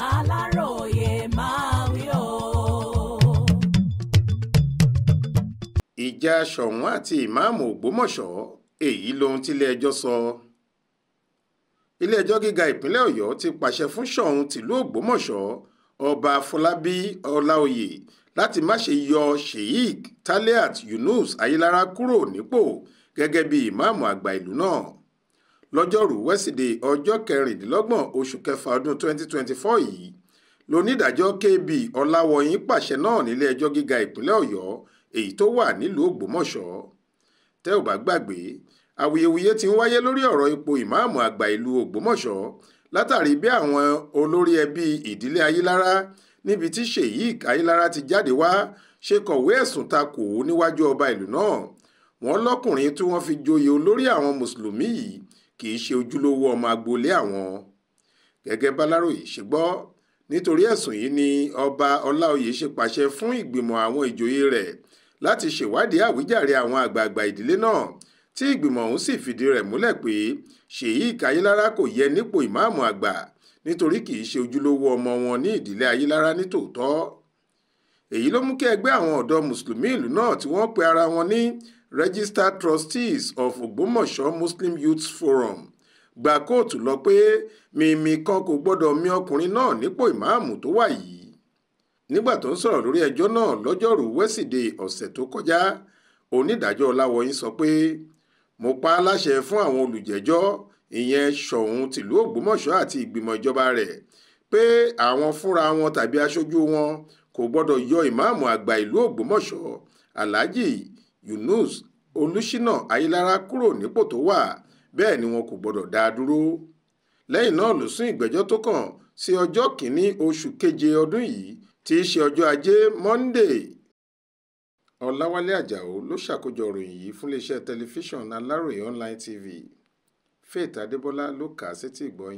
aláròye máa wí o. ìjà ṣọ̀wọ́n àti ìmáàmù ògbómọ̀ṣọ́ èyí lohun tílé-ẹjọ́ sọ ilé-ẹjọ́ gíga ìpínlẹ̀ ọ̀yọ́ ti pàṣẹ fún ṣọ̀ún tìlú ògbómọ̀ṣọ́ ọba afọlábí ọláoyè láti má ṣe yọ sheik taliat yunus ayélára kúrò nípò gẹ́gẹ́ bí ìmáàmù àgbà ìlú náà lọ́jọ́rùú wẹ́sídẹ̀ẹ́ ọjọ́ kẹrìndínlọ́gbọ̀n oṣù kẹfà ọdún 2024 yìí lonídàájọ́ KB ọláwọyìn pàṣẹ náà nílé ẹjọ́ gíga ìpínlẹ̀ ọ̀yọ́ èyí tó wà nílùú ògbómọ̀ṣọ́ tẹ́ ò bá gbàgbé awuyewuye ti ń wáyé lórí ọ̀rọ̀ ipò ìmáàmù àgbà ìlú ògbómọ̀ṣọ́ látàrí bí àwọn olórí ẹbí ìdílé ayélára níbi tí sheik ayélára ti jáde wá ṣe kọ̀wé ẹ̀sùn ta kò ó níwájú ọba ìlú náà wọ́n lọ́kùnrin tí wọ́n fi joyè olórí àwọn mùsùlùmí yìí kì í ṣe ojúlówó ọmọ agboolé àwọn gẹ́gẹ́ báláròyé ṣe gbọ́ nítorí ẹ̀sùn yìí ni ọba ọláoyè ṣe pàṣẹ fún ìgbìmọ̀ àwọn ìjòyè rẹ̀ láti ṣèwádìí àwíjàre àwọn àgbààgbà ìdílé náà tí ìgbìmọ̀ ọ̀hún sì fìdí rẹ̀ múlẹ̀ pé ṣèyí ìkayélára kò yẹ nípò ìmáàmù àgbà nítorí kì í ṣe ojúlówó ọmọ wọn ní ìdílé ayélára nítòótọ́ èyí ló mú kí ẹgbẹ́ àwọn ọ̀dọ́ mùsùlùmí ìlú náà tí wọ́n pe ara wọn ní registered trustees of Ògbómọ̀ṣọ́ Muslim Youth Forum gba kóòtù lọ pé mímí kan kò gbọ́dọ̀ mì ọkùnrin náà nípò ìmáàmù tó wà yìí nígbà tó ń sọ̀rọ̀ lórí ẹjọ́ náà lọ́jọ́rú wẹ́sídẹ̀ẹ́ ọ̀sẹ̀ tó kọjá onídàájọ́ Ọláwọyìn sọ pé mo pa á láṣẹ fún àwọn olùjẹ́jọ́ ìyẹn Ṣọ̀ún tìlú Ògbómọ̀ṣọ́ àti ìgbìmọ̀ ìjọba rẹ̀ pé àwọn fúnra wọn tàbí aṣojú wọn kò gbọ́dọ̀ yọ ìmáàmù àgbà ìlú Ògbómọ̀ṣọ́ Alhaji Yunus Olùṣínà Ayílára kúrò nípò tó wà bẹ́ẹ̀ ni wọn kò gbọdọ̀ dá a dúró lẹ́yìn náà ló sún ìgbẹ́jọ́ tó kàn sí ọjọ́ kìíní oṣù keje ọdún yìí tí í ṣe ọjọ́ ajé monde ọ̀làwálẹ̀ ajáò ló ṣàkójọ ìròyìn yìí fún iléeṣẹ́ tẹlifíṣàn aláròye online tv faith adébọlá ló kà á sétí ìgbọ́